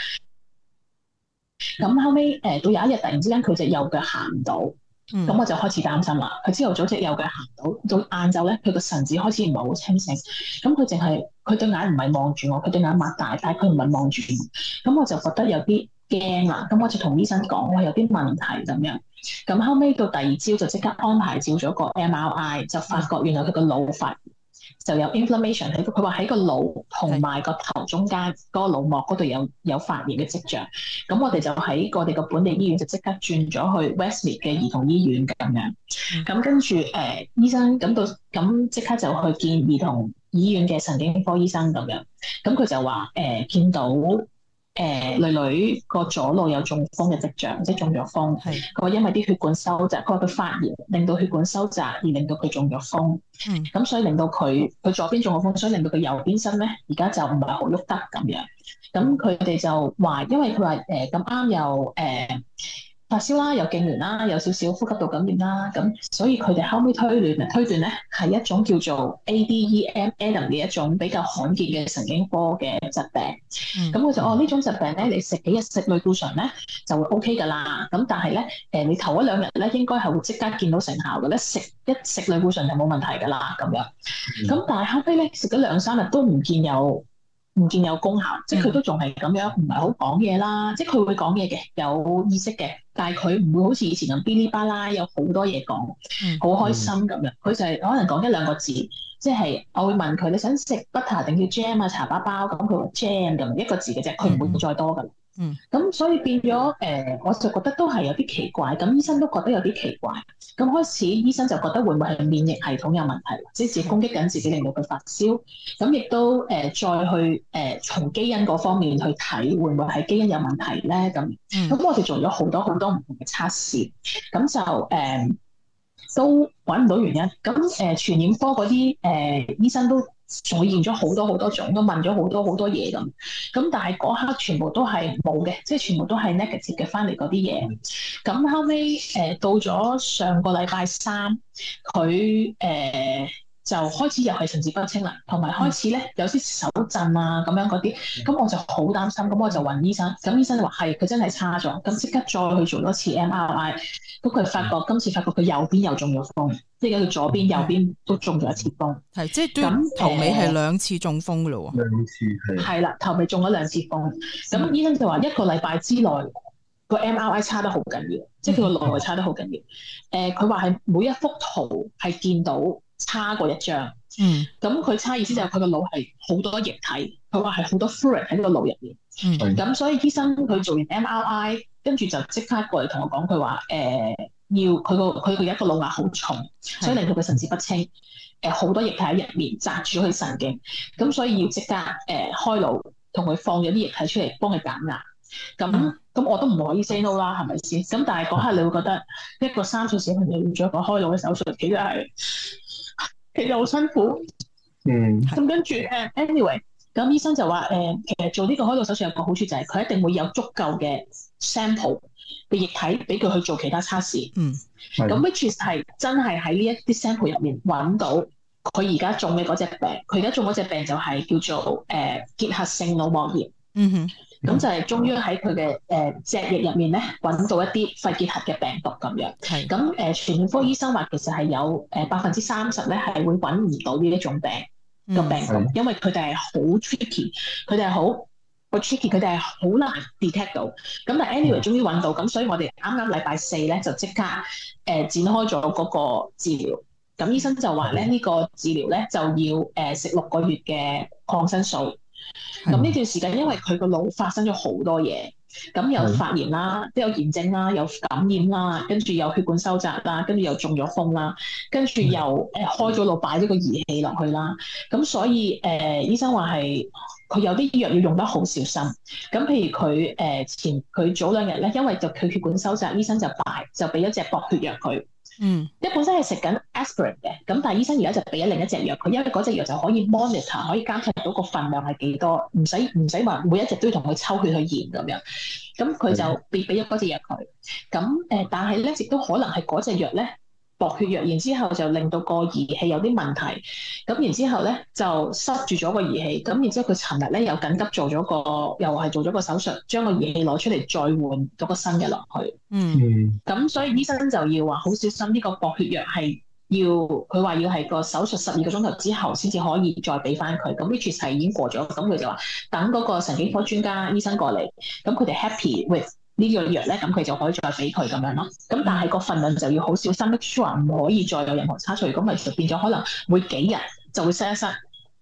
咁後尾誒、呃、到有一日突然之間佢隻右腳行唔到，
咁我就
開始擔心啦。佢朝頭早隻右腳行到，到晏晝咧，佢個神志開始唔係好清醒。咁佢淨係佢對眼唔係望住我，佢對眼擘大，但係佢唔係望住我。咁我就覺得有啲。驚啦，咁、啊、我就同醫生講，我、哦、有啲問題咁樣。咁後尾到第二朝就即刻安排照咗個 MRI，就發覺原來佢個腦發就有 inflammation 喺，佢話喺個腦同埋個頭中間嗰個腦膜嗰度有有發炎嘅跡象。咁我哋就喺我哋個本地醫院就即刻轉咗去 Westmead 嘅兒童醫院咁樣。咁跟住誒、呃，醫生咁到咁即刻就去見兒童醫院嘅神經科醫生咁樣。咁佢就話誒、呃，見到。誒女女個左腦有中風嘅跡象，即係中咗風。佢話的因為啲血管收窄，佢話佢發炎，令到血管收窄而令到佢中咗風。咁的所以令到佢佢左邊中咗風，所以令到佢右邊身咧而家就唔係好喐得咁樣。咁佢哋就話，因為佢話誒咁啱又誒。呃發燒啦，有痙攣啦，有少少呼吸道感染啦，咁所以佢哋後尾推斷，推斷咧係一種叫做 ADEM 嘅一種比較罕見嘅神經科嘅疾病。咁佢、嗯、就哦、嗯、種呢種疾病咧，你食幾日食類固醇咧就會 O K 噶啦。咁但係咧，誒你頭嗰兩日咧應該係會即刻見到成效嘅咧，食一食類固醇就冇問題噶啦咁樣。咁、嗯、但係後尾咧食咗兩三日都唔見有。唔見有功效，即係佢都仲係咁樣，唔係好講嘢啦。即係佢會講嘢嘅，有意識嘅，但係佢唔會好似以前咁噼哩叭啦，有好多嘢講，好開心咁樣。佢、嗯、就係可能講一兩個字，即係我會問佢你想食 butter 定叫 jam 啊茶包包咁，佢話 jam 咁一個字嘅啫，佢唔會再多噶。嗯嗯，咁所以變咗，誒、呃，我就覺得都係有啲奇怪，咁醫生都覺得有啲奇怪，咁開始醫生就覺得會唔會係免疫系統有問題，即係自己攻擊緊自己，令到佢發燒，咁亦都誒、呃、再去誒從、呃、基因嗰方面去睇，會唔會係基因有問題咧？咁，咁、嗯、我哋做咗好多好多唔同嘅測試，咁就誒、呃、都揾唔到原因，咁誒傳染科嗰啲誒醫生都。我驗咗好多好多種，都問咗好多好多嘢咁，咁但係嗰刻全部都係冇嘅，即係全部都係 negative 嘅翻嚟嗰啲嘢。咁後尾誒、呃、到咗上個禮拜三，佢誒。呃就開始又係神志不清啦，同埋開始咧有啲手震啊咁樣嗰啲，咁我就好擔心，咁我就問醫生，咁醫生就話係佢真係差咗，咁即刻再去做多次 MRI，咁佢發覺、嗯、今次發覺佢右邊又中咗風，嗯、即係佢左邊右邊都中咗一次風，係即係咁頭尾係兩
次中風咯喎，兩次係係啦頭
尾中咗兩次風，咁醫生就話一個禮拜之內個 MRI 差得好緊要，嗯嗯、即係佢個內外差得好緊要，誒佢話係每一幅圖係見到，差過一張，咁佢、嗯、差意思就係佢個腦係好多液體，佢話係好多 fluid 喺呢個腦入面，咁、嗯、所以醫生佢做完 MRI，跟住就即刻過嚟同我講，佢話誒要佢個佢佢有一個腦壓好重，所以令到佢神志不清，誒好的、呃、多液體喺入面窒住佢神經，咁所以要即刻誒、呃、開腦，同佢放咗啲液體出嚟幫佢減壓，咁咁、嗯、我都唔可以 say no 啦，係咪先？咁但係嗰刻你會覺得一個三歲小朋友要做一個開腦嘅手術，其實係～其實好辛苦，
嗯，咁
跟住誒，anyway，咁醫生就話誒、呃，其實做呢個開刀手術有個好處就係、是、佢一定會有足夠嘅 sample 嘅液體俾佢去做其他測試，
嗯，咁
which is 係真係喺呢一啲 sample 入面揾到佢而家中嘅嗰隻病，佢而家中嗰隻病就係叫做誒、呃、結核性腦膜炎。嗯哼，咁就係終於喺佢嘅誒脊液入面咧揾到一啲肺結核嘅病毒咁樣。係是，咁誒、呃、全科醫生話其實係有誒百分之三十咧係會揾唔到呢一種病嘅、mm hmm. 病毒，因為佢哋係好 tricky，佢哋係好個 tricky，佢哋係好難 detect 到。咁但 anyway 終於揾到，咁、mm hmm. 所以我哋啱啱禮拜四咧就即刻誒、呃、展開咗嗰個治療。咁醫生就話咧呢、mm hmm. 個治療咧就要誒、呃呃、食六個月嘅抗生素。咁呢段時間，因為佢個腦發生咗好多嘢，咁有發炎啦，即有炎症啦，有感染啦，跟住有血管收窄啦，跟住又中咗風啦，跟住又誒開咗腦擺咗個儀器落去啦，咁所以誒、呃、醫生話係佢有啲藥要用得好小心，咁譬如佢誒、呃、前佢早兩日咧，因為就佢血管收窄，醫生就擺就俾一隻薄血藥佢。嗯，因為本身係食緊 aspirin 嘅，咁但係醫生而家就俾咗另一隻藥佢，因為嗰隻藥就可以 monitor，可以監測到個份量係幾多，唔使唔使話每一隻都要同佢抽血去驗咁樣，咁、嗯、佢就俾俾咗嗰隻藥佢，咁誒，但係咧亦都可能係嗰隻藥咧。薄血藥，然之後就令到個儀器有啲問題，咁然之後咧就塞住咗個儀器，咁然之後佢尋日咧又緊急做咗個，又係做咗個手術，將個儀器攞出嚟再換到個新嘅落去。
嗯，
咁、嗯、所以醫生就要話好小心，呢、這個薄血藥係要佢話要係個手術十二個鐘頭之後先至可以再俾翻佢。咁呢、嗯嗯、次係已經過咗，咁佢就話等嗰個神經科專家醫生過嚟，咁佢哋 happy with。個藥，呢個藥咧，咁佢就可以再俾佢咁樣咯。咁但係個份量就要好小心，extra 唔可以再有任何差錯。咁咪就變咗可能每幾日就會 set 一 set。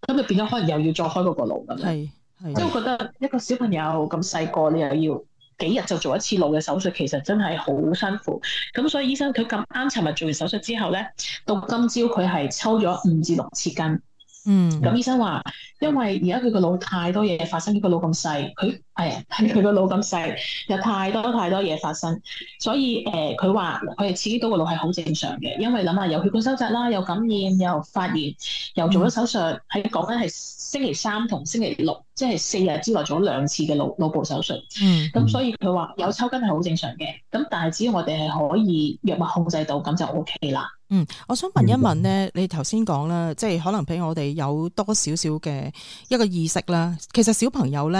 咁就變咗可能又要再開嗰個腦咁。係係。即係我覺得一個小朋友咁細個，你又要幾日就做一次腦嘅手術，其實真係好辛苦。咁所以醫生佢咁啱尋日做完手術之後咧，到今朝佢係抽咗五至六次筋。嗯，咁醫生話，因為而家佢個腦太多嘢發生，呢個腦咁細，佢係啊，佢、哎、個腦咁細，有太多太多嘢發生，所以誒，佢話佢係刺激到個腦係好正常嘅，因為諗下有血管收窄啦，有感染，又發炎，又做咗手術，喺、嗯、講緊係星期三同星期六，即係四日之內做咗兩次嘅腦腦部手術。嗯，咁、嗯嗯、所以佢話有抽筋係好正常嘅，咁但係只要我哋係可以藥物控制到，咁就 O K 啦。
嗯，
我想問一問咧，你頭先講啦，即係可能俾我哋有多少少嘅一個意識啦。其實小朋友咧，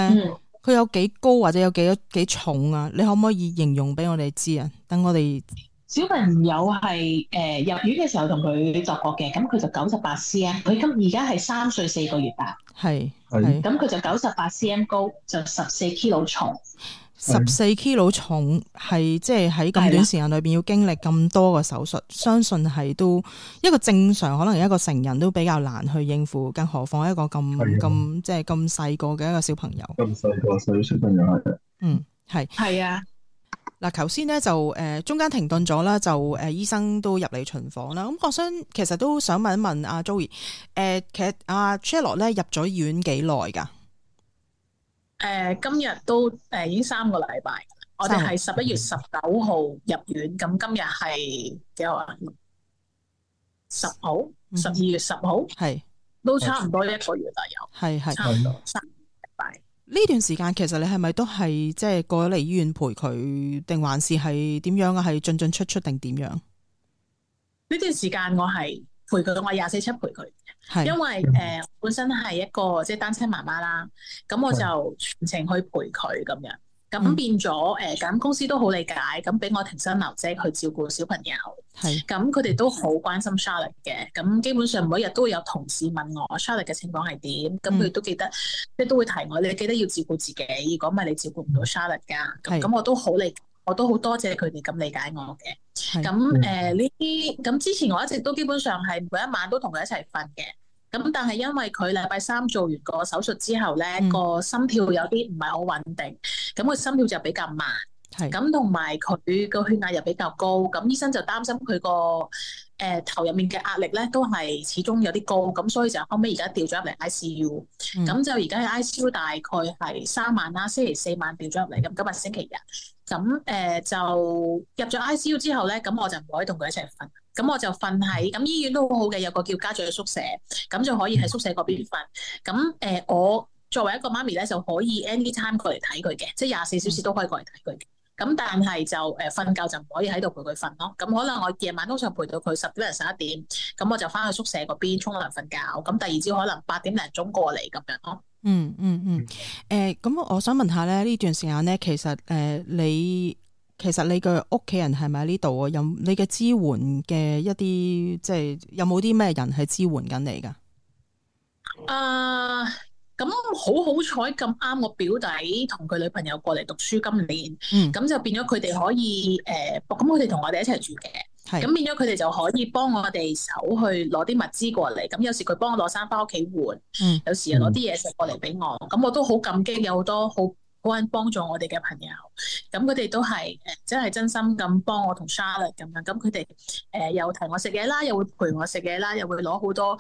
佢、嗯、有幾高或者有幾幾重啊？你可唔可以形容俾我哋知啊？
等我哋小朋友係誒、呃、入院嘅時候同佢你作過嘅，咁佢就九十八 cm，佢今而家係三歲四個月吧。係係是，咁佢是就九十八 cm 高，就十四 kilo 重。十四 kilo 重，係即係喺咁短時
間裏邊要經歷咁多個手術，的相信係都一個正常可能一個成人都比較難去應付，更何況一個咁咁即係咁細個嘅一個小朋友。
咁細個小朋友
嗯，係係啊。嗱，頭先的呢就誒中間停頓咗啦，就誒、呃呃、醫生都入嚟巡房啦。咁我想其實都想問一問阿、啊、Joey，誒、呃、其實阿 Charlotte 咧入咗院幾耐噶？
誒、呃，今日都誒、呃、已經三個禮拜，我哋係十一月十九號入院，咁、嗯、今日係幾號啊？十號、嗯，十二月十號，係是都差唔多一個月啦，有係係差唔多三禮
拜。呢的段時間其實你係咪都係即係過咗嚟醫院陪佢，定還是係點樣啊？係進進出出定點樣？
呢段時間我係。陪佢，我廿四七陪佢，是因為誒、呃、本身係一個即係單親媽媽啦，咁我就全程去陪佢咁樣，咁、嗯、變咗誒，咁、呃、公司都好理解，咁俾我停薪留職去照顧小朋友，咁佢哋都好關心 Charlotte 嘅，咁基本上每日都會有同事問我 Charlotte 嘅情況係點，咁佢哋都記得，即係、嗯、都會提我，你記得要照顧自己，如果唔係你照顧唔到 Charlotte 噶，咁是我都好理解。我都好多謝佢哋咁理解我嘅。咁誒呢啲咁之前我一直都基本上係每一晚都同佢一齊瞓嘅。咁但係因為佢禮拜三做完個手術之後咧，嗯、個心跳有啲唔係好穩定。咁佢心跳就比較慢。係的。咁同埋佢個血壓又比較高。咁醫生就擔心佢個誒頭入面嘅壓力咧，都係始終有啲高。咁所以就後尾而家調咗入嚟 ICU。咁就而家喺 ICU 大概係三晚啦，星期四晚調咗入嚟。咁今日星期日。咁誒就入咗 ICU 之後咧，咁我就唔可以同佢一齊瞓，咁我就瞓喺咁醫院都好好嘅，有個叫家長嘅宿舍，咁就可以喺宿舍嗰邊瞓。咁誒我作為一個媽咪咧，就可以 anytime 過嚟睇佢嘅，即係廿四小時都可以過嚟睇佢嘅。咁但係就誒瞓覺就唔可以喺度陪佢瞓咯。咁可能我夜晚通常陪到佢十點零十一點，咁我就翻去宿舍嗰邊沖涼瞓覺。咁第二朝可能八點零鐘過嚟咁樣咯。
嗯嗯嗯，誒、呃，咁我想問下咧，呢段時間咧，其實誒、呃，你其實你嘅屋企人係咪喺呢度啊？有你嘅支援嘅一啲，即係有冇啲咩人係支援緊你噶？
誒、uh, 嗯，咁好好彩咁啱，我表弟同佢女朋友過嚟讀書，今年，咁就變咗佢哋可以誒，咁佢哋同我哋一齊住嘅。咁變咗佢哋就可以幫我哋手去攞啲物資過嚟，咁有時佢幫我攞衫返屋企換，嗯、有時又攞啲嘢食過嚟俾我，咁我都好感激有好多好好人幫助我哋嘅朋友。咁佢哋都係誒真係真心咁幫我同 Charlotte 咁樣，咁佢哋誒又提我食嘢啦，又會陪我食嘢啦，又會攞、嗯、好多誒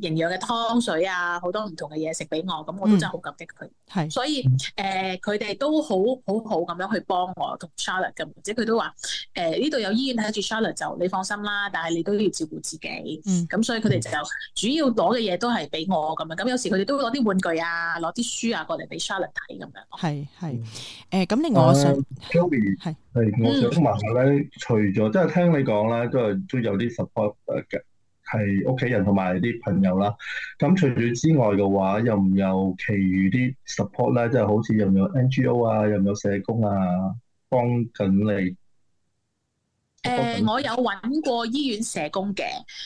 營養嘅湯水啊，好多唔同嘅嘢食俾我，咁我都真係好感激佢。係，所以誒佢哋都好好好咁樣去幫我同 Charlotte 咁，即係佢都話誒呢度有醫院睇住 Charlotte 就你放心啦，但係你都要照顧自己。嗯，咁所以佢哋就主要攞嘅嘢都係俾我咁樣，咁有時佢哋都會攞啲玩具啊，攞啲書啊過嚟俾 Charlotte 睇咁樣。
係係，誒咁、呃、另外。咧
j 我想問問咧，除咗，嗯、即係聽你講啦，都係都有啲 support 嘅，係屋企人同埋啲朋友啦。咁除咗之外嘅話，又唔有其餘啲 support 咧？即係好似又有，有 NGO 啊，又有社工啊，幫緊你？
誒、呃，我有揾過醫院社工嘅，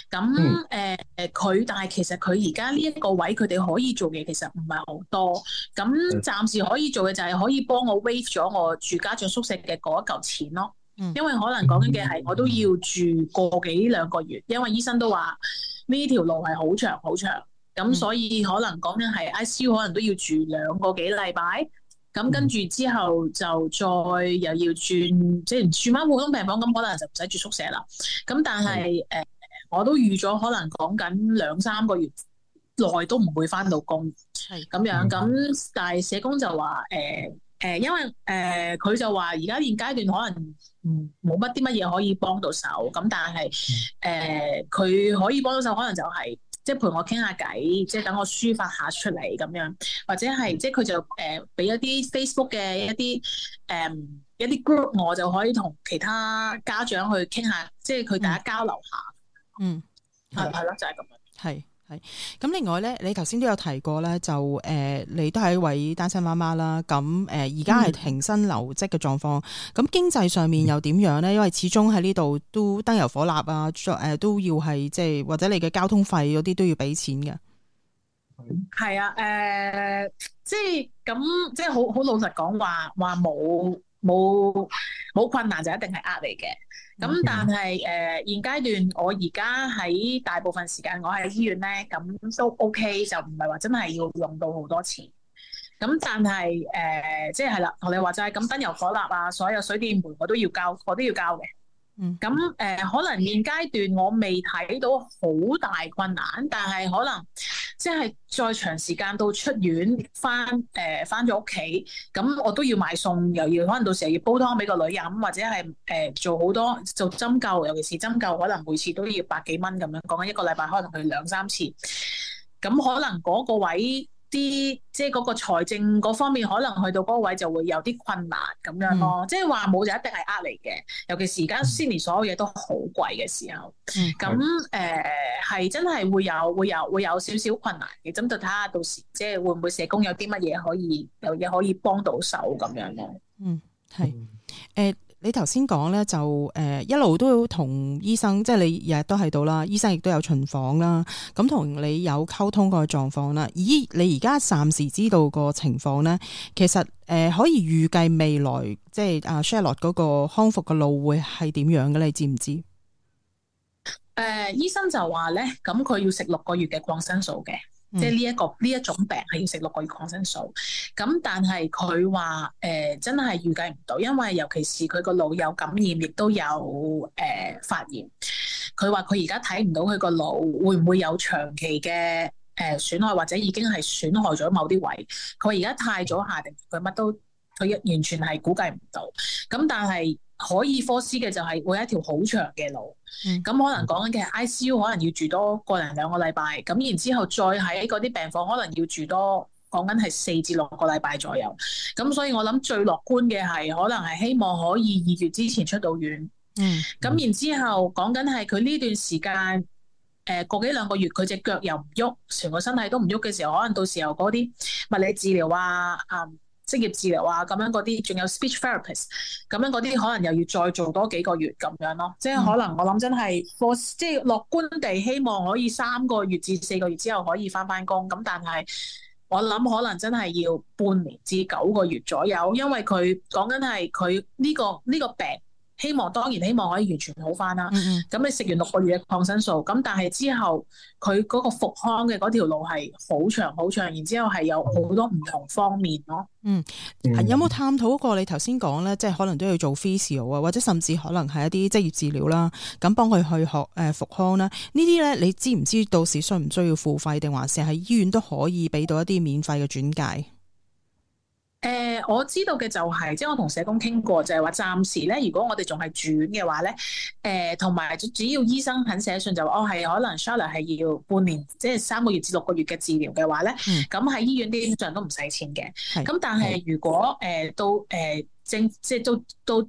咁、嗯、誒，佢、嗯呃、但係其實佢而家呢一個位，佢哋可以做嘅其實唔係好多，咁、嗯嗯、暫時可以做嘅就係可以幫我 wave 咗我住家長宿舍嘅嗰一嚿錢咯，因為可能講緊嘅係我都要住個幾兩個月，嗯、因為醫生都話呢條路係好長好長，咁所以可能講緊係 ICU 可能都要住兩個幾禮拜。咁、嗯、跟住之後就再又要轉，即係轉翻普通病房。咁可能就唔使住宿舍啦。咁但係誒、嗯呃，我都預咗可能講緊兩三個月內都唔會翻到工，係咁、嗯、樣。咁但係社工就話誒誒，因為誒佢、呃、就話而家現階段可能唔冇乜啲乜嘢可以幫到手。咁但係誒，佢、嗯呃、可以幫到手，可能就係、是。即係陪我傾下偈，即係等我抒發下出嚟咁樣，或者係、嗯、即係佢就誒俾、呃、一啲 Facebook 嘅一啲誒、呃、一啲 group，我就可以同其他家長去傾下，即係佢大家交流下。嗯，
係係咯，嗯、就係咁樣。
係。係咁，另外咧，你頭先都有提過咧，就誒、呃，你都係一位單親媽媽啦。咁、呃、誒，而家係停薪留職嘅狀況，咁、嗯、經濟上面又點樣咧？因為始終喺呢度都燈油火蠟啊，誒、呃、都要係即係或者你嘅交通費嗰啲都要俾錢嘅。
係啊，誒、呃，即係咁，即係好好老實講話，話冇冇冇困難就一定係呃你嘅。咁但係誒現階段，我而家喺大部分時間我喺醫院咧，咁都 OK，就唔係話真係要用到好多錢。咁但係誒即係係啦，同你話就係咁，燈油火蠟啊，所有水電煤我都要交，我都要交嘅。嗯。咁誒可能現階段我未睇到好大困難，但係可能。即係再長時間到出院翻，誒翻咗屋企，咁、呃、我都要買餸，又要可能到時候要煲湯俾個女飲，或者係誒、呃、做好多做針灸，尤其是針灸，可能每次都要百幾蚊咁樣，講緊一個禮拜可能去兩三次，咁可能嗰個位。啲即係嗰個財政嗰方面，可能去到嗰位就會有啲困難咁樣咯。嗯、即係話冇就一定係呃你嘅，尤其是而家新年所有嘢都好貴嘅時候。咁誒係真係會有會有會有少少困難嘅。咁就睇下到時即係會唔會社工有啲乜嘢可以有嘢可以幫到手咁樣咯。嗯，
係誒。嗯 uh, 你頭先講咧就，誒、呃、一路都要同醫生，即係你日日都喺度啦，醫生亦都有巡訪啦，咁同你有溝通個狀況啦。咦，你而家暫時知道個情況咧，其實誒、呃、可以預計未來即係阿 Charlotte 嗰個康復嘅路會係點樣嘅？你知唔知？誒、
呃，醫生就話咧，咁佢要食六個月嘅抗生素嘅。即係呢一個呢、嗯、一種病係要食六個月抗生素，咁但係佢話誒真係預計唔到，因為尤其是佢個腦有感染，亦都有誒、呃、發炎。佢話佢而家睇唔到佢個腦會唔會有長期嘅誒、呃、損害，或者已經係損害咗某啲位。佢而家太早下定，佢乜都佢完全係估計唔到。咁但係。可以科斯嘅就係會有一條好長嘅路，咁、嗯、可能講緊嘅 ICU 可能要住多個零兩個禮拜，咁然之後，後再喺嗰啲病房可能要住多講緊係四至六個禮拜左右，咁所以我諗最樂觀嘅係可能係希望可以二月之前出到院，咁、嗯、然之後講緊係佢呢段時間誒個幾兩個月佢隻腳又唔喐，全個身體都唔喐嘅時候，可能到時候嗰啲物理治療啊，嗯、um。職業治療啊，咁樣嗰啲，仲有 speech therapist，咁樣嗰啲可能又要再做多幾個月咁樣咯，即係可能我諗真係，即係樂觀地希望可以三個月至四個月之後可以翻返工，咁但係我諗可能真係要半年至九個月左右，因為佢講緊係佢呢個呢個病。希望當然希望可以完全好返啦。咁你、嗯嗯、食完六個月嘅抗生素，咁但係之後佢嗰個復康嘅嗰條路係好長好長，然之後係有好多唔同方面咯。嗯，嗯
啊、有冇探討過你頭先講咧，即係可能都要做 physio 啊，或者甚至可能係一啲職業治療啦，咁幫佢去學誒復康啦，呢啲咧，你知唔知到時需唔需要付費，定還是喺醫院都可以俾到一啲免費嘅轉介？
誒、呃，我知道嘅就係、是，即係我同社工傾過，就係話暫時咧，如果我哋仲係住院嘅話咧，誒、呃，同埋主要醫生肯寫信就話，哦，係可能 Charlotte 係要半年，的即係三個月至六個月嘅治療嘅話咧，咁喺醫院啲賬都唔使錢嘅。咁、嗯嗯嗯、但係如果誒、呃、到誒正即係到到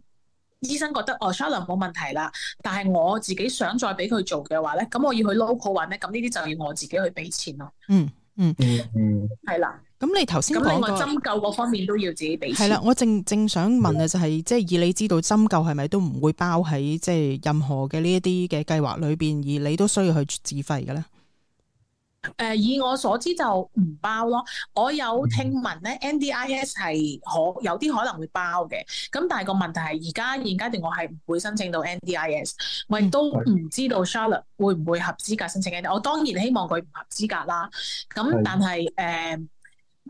醫生覺得哦 Charlotte 冇、哦嗯、問題啦，但係我自己想再俾佢做嘅話咧，咁我要去 local 搵咧，咁呢啲就要我自己去俾錢咯、嗯。
嗯
嗯嗯，係啦。咁你頭先講，咁針灸嗰方面都要自己俾錢。係啦，我
正正想問嘅就係即係以你知道針灸係咪都唔會包喺即係任何嘅呢一啲嘅計劃裏邊，而你都需要去自費嘅
咧？誒，以我所知就唔包咯。我有聽聞咧、嗯，N D I S 係可有啲可能會包嘅，咁但係個問題係而家現階段我係唔會申請到 N D I S，我亦都唔知道 Charlotte 會唔會合資格申請 N D I S，我當然希望佢唔合資格啦。咁但係誒。嗯嗯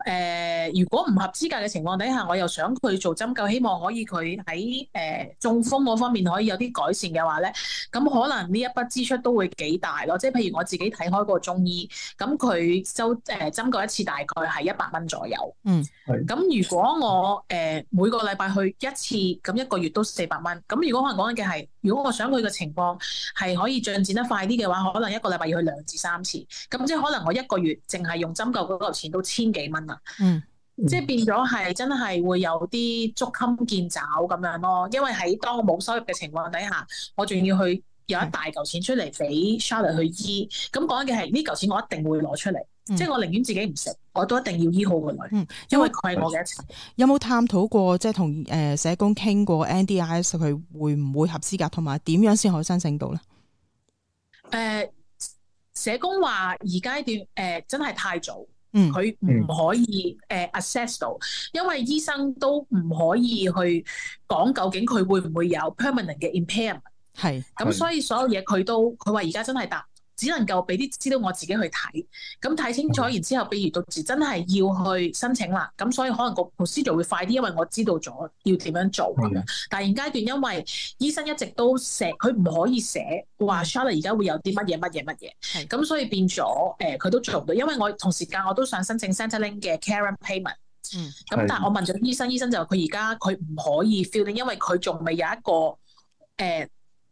誒、呃，如果唔合資格嘅情況底下，我又想佢做針灸，希望可以佢喺誒中風嗰方面可以有啲改善嘅話咧，咁可能呢一筆支出都會幾大咯。即係譬如我自己睇開個中醫，咁佢收誒、呃、針灸一次大概係一百蚊左右。
嗯，
咁如果我誒、呃、每個禮拜去一次，咁一個月都四百蚊。咁如果可能講緊嘅係。如果我想佢嘅情況係可以進展得快啲嘅話，可能一個禮拜要去兩至三次，咁即係可能我一個月淨係用針灸嗰嚿錢都千幾蚊啦。嗯，即係變咗係真係會有啲捉襟見肘咁樣咯。因為喺當冇收入嘅情況底下，我仲要去有一大嚿錢出嚟俾 Charlotte 去醫。咁講緊嘅係呢嚿錢，我一定會攞出嚟。.嗯、即係我寧願自己唔食，我都一定要醫好佢、嗯，因為佢係我嘅一齊、嗯。
有冇探討過即係同誒社工傾過？NDIS 佢會唔會合資格，同埋點樣先可以申請到咧？
誒、呃，社工話而家點？誒、呃，真係太早，佢唔、嗯、可以誒 a s、嗯、s e s s 到，因為醫生都唔可以去講究竟佢會唔會有 permanent 嘅 impairment。係咁，所以所有嘢佢都佢話而家真係答。只能夠俾啲知道我自己去睇，咁睇清楚，然之後比如到時真係要去申請啦，咁所以可能個護師就會快啲，因為我知道咗要點樣做。的但係現階段因為醫生一直都寫，佢唔可以寫話 Charlotte 而家會有啲乜嘢乜嘢乜嘢，咁的所以變咗誒佢都做唔到，因為我同時間我都想申請 Centrelink 嘅 Carer Payment。咁 pay 的但係我問咗醫生，醫生就話佢而家佢唔可以 fill in，因為佢仲未有一個誒。呃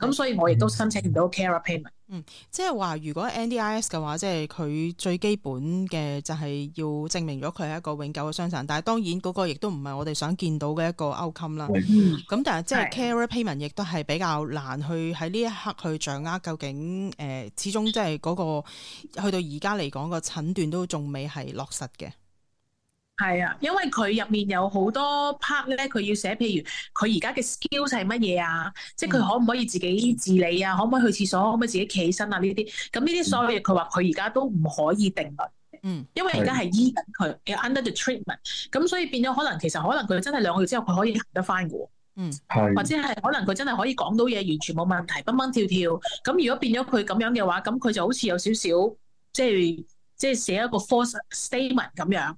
咁所以，我亦都申請
唔到 carer payment。嗯，即係話，如果 NDIS 嘅話，即係佢最基本嘅就係要證明咗佢係一個永久嘅傷殘。但係當然嗰個亦都唔係我哋想見到嘅一個 OUTCOME 啦。咁、嗯嗯、但係即係 care、er、payment 亦都係比較難去喺呢一刻去掌握，究竟誒、呃、始終即係嗰個去到而家嚟講個診斷都仲未係落實嘅。
係啊，因為佢入面有好多 part 咧，佢要寫，譬如佢而家嘅 skills 係乜嘢啊？即係佢可唔可以自己自理啊？可唔可以去廁所？可唔可以自己企身啊？呢啲咁呢啲所有嘢，佢話佢而家都唔可以定論。嗯，
因為而家係醫
緊佢，under the treatment。咁所以變咗可能其實可能佢真係兩個月之後佢可以行得翻嘅喎。嗯，係。或者係可能佢真係可以講到嘢，完全冇問題，蹦蹦跳跳。咁如果變咗佢咁樣嘅話，咁佢就好似有少少即係。即係寫一個 false statement 咁樣，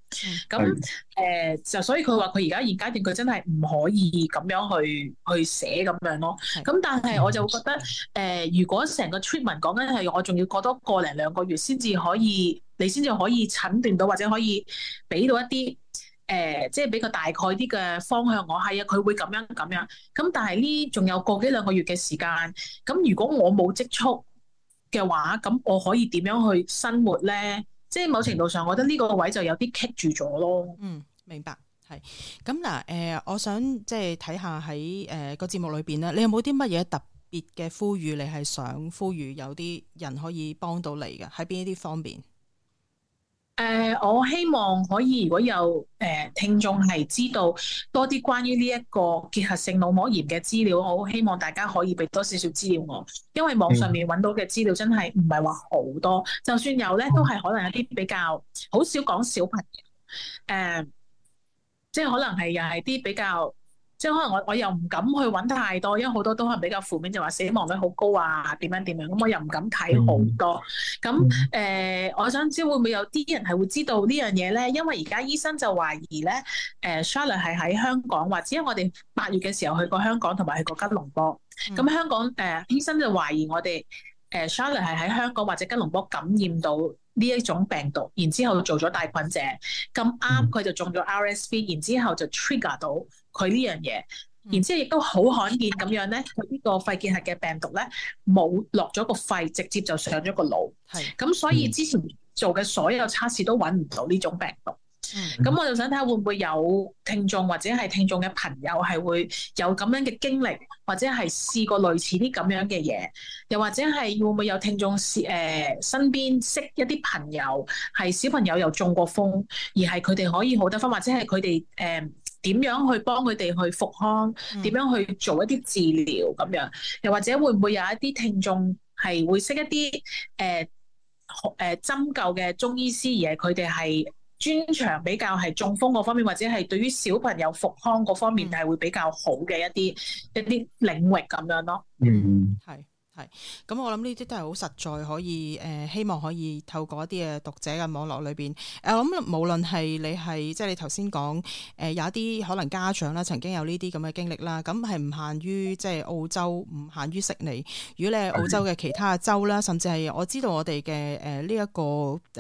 咁誒是、呃、就所以佢話佢而家現階段佢真係唔可以咁樣去去寫咁樣咯。咁但係我就會覺得誒是、呃，如果成個 treatment 講緊係我仲要過多個零兩個月先至可以，你先至可以診斷到或者可以俾到一啲誒、呃，即係俾個大概啲嘅方向。我係啊，佢會咁樣咁樣。咁但係呢仲有個幾兩個月嘅時間。咁如果我冇積蓄嘅話，咁我可以點樣去生活咧？即係某程度上，我覺得呢個位就有啲棘住咗咯。嗯，明白。係咁嗱，誒、呃，我
想即係睇下喺誒個節目裏邊咧，你有冇啲乜嘢特別嘅呼籲？你係想呼籲有啲人可以幫到你嘅，喺邊啲方面？
誒，uh, 我希望可以，如果有誒、呃、聽眾係知道多啲關於呢一個結核性腦膜炎嘅資料，我好希望大家可以俾多少少資料我，因為網上面揾到嘅資料真係唔係話好多，就算有咧，都係可能有啲比較好少講小朋友，誒、呃，即係可能係又係啲比較。即係可能我我又唔敢去揾太多，因為好多都可能比較負面，就話死亡率好高啊，點樣點樣，咁我又唔敢睇好多。咁誒、嗯呃，我想知會唔會有啲人係會知道呢樣嘢咧？因為而家醫生就懷疑咧，誒 Charlotte 係喺香港或者因為我哋八月嘅時候去過香港同埋去過吉隆坡。咁、嗯、香港誒、呃、醫生就懷疑我哋誒 Charlotte 係喺香港或者吉隆坡感染到呢一種病毒，然之後做咗帶菌者。咁啱佢就中咗 RSV，然之後就 trigger 到。佢呢樣嘢，然之後亦都好罕見咁樣咧，佢呢個肺結核嘅病毒咧，冇落咗個肺，直接就上咗個腦。係的。咁所以之前做嘅所有測試都揾唔到呢種病毒。咁、嗯、我就想睇下會唔會有聽眾或者係聽眾嘅朋友係會有咁樣嘅經歷，或者係試過類似啲咁樣嘅嘢，又或者係會唔會有聽眾試誒身邊識一啲朋友係小朋友又中過風，而係佢哋可以好得翻，或者係佢哋誒點樣去幫佢哋去復康，點、嗯、樣去做一啲治療咁樣，又或者會唔會有一啲聽眾係會識一啲誒誒針灸嘅中醫師而係佢哋係。專長比較係中風嗰方面，或者係對於小朋友復康嗰方面係會比較好嘅一啲、嗯、一啲領域噉樣囉。嗯，係。
咁、嗯、我諗呢啲都係好實在，可以誒、呃，希望可以透過一啲嘅讀者嘅網絡裏邊，誒、呃，我、嗯、諗無論係你係即係你頭先講誒，有一啲可能家長啦，曾經有呢啲咁嘅經歷啦，咁係唔限於即係澳洲，唔限於悉尼。如果你係澳洲嘅其他州啦，甚至係我知道我哋嘅誒呢一個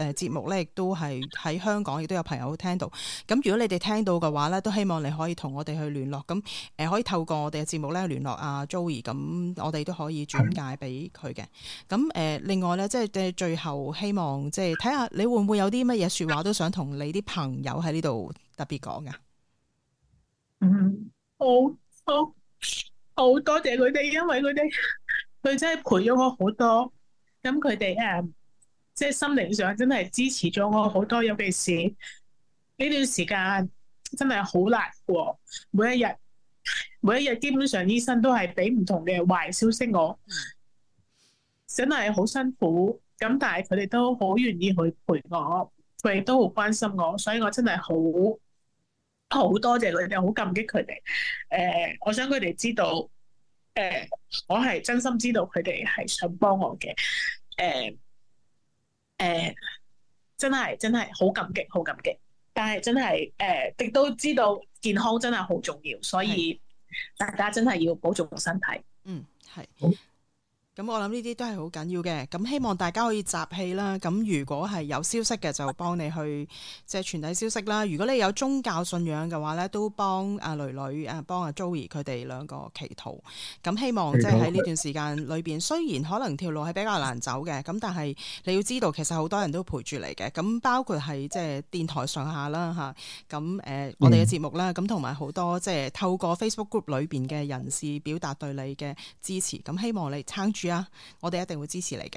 誒節目咧，亦都係喺香港亦都有朋友聽到。咁、嗯、如果你哋聽到嘅話咧，都希望你可以同我哋去聯絡，咁、嗯、誒、呃、可以透過我哋嘅節目咧聯絡阿、啊、Joey，咁、嗯、我哋都可以轉介。俾佢嘅咁誒，另外咧，即係嘅最後，希望即係睇下你會唔會有啲乜嘢說話都想同你啲朋友喺呢度特別講㗎。嗯，
好
多好多謝佢哋，因為佢哋佢真係陪咗我好多，咁佢哋誒，即係心靈上真係支持咗我好多，尤其是呢段時間真係好難過，每一日每一日基本上醫生都係俾唔同嘅壞消息我。真係好辛苦，咁但係佢哋都好願意去陪我，佢哋都好關心我，所以我真係好好多謝佢哋，好感激佢哋。誒、呃，我想佢哋知道，誒、呃，我係真心知道佢哋係想幫我嘅。誒、呃、誒、呃，真係真係好感激，好感激。但係真係誒，亦、呃、都知道健康真係好重要，所以大家真係要保重身體。是嗯，
係好。嗯
咁我諗
呢啲都係好緊要嘅，咁希望大家可以集氣啦。咁如果係有消息嘅，就幫你去即係傳遞消息啦。如果你有宗教信仰嘅話咧，都幫阿囡囡、阿幫阿 Joey 佢哋兩個祈禱。咁希望即係喺呢段時間裏邊，雖然可能條路係比較難走嘅，咁但係你要知道，其實好多人都陪住你嘅。咁包括係即係電台上下啦，吓咁誒，我哋嘅節目啦，咁同埋好多即係透過 Facebook group 裏邊嘅人士表達對你嘅支持。咁希望你撐住。住啊！我哋一定會支持你嘅。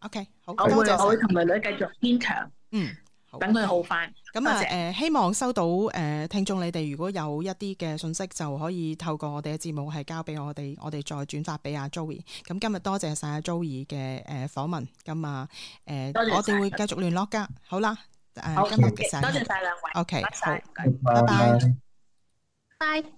OK，好，多謝，我會同妹妹繼續堅強。嗯，等佢好
快。咁啊，誒，希望收到誒聽眾你哋，如果有一啲嘅信息，就可以透過我哋嘅節目係交俾我哋，我哋再轉發俾阿 Joey。咁今日多謝晒阿 Joey 嘅誒訪問。咁啊，誒，我哋會繼續聯絡噶。好啦，
誒，今日多謝，多謝晒兩位，OK，好，拜拜，
拜。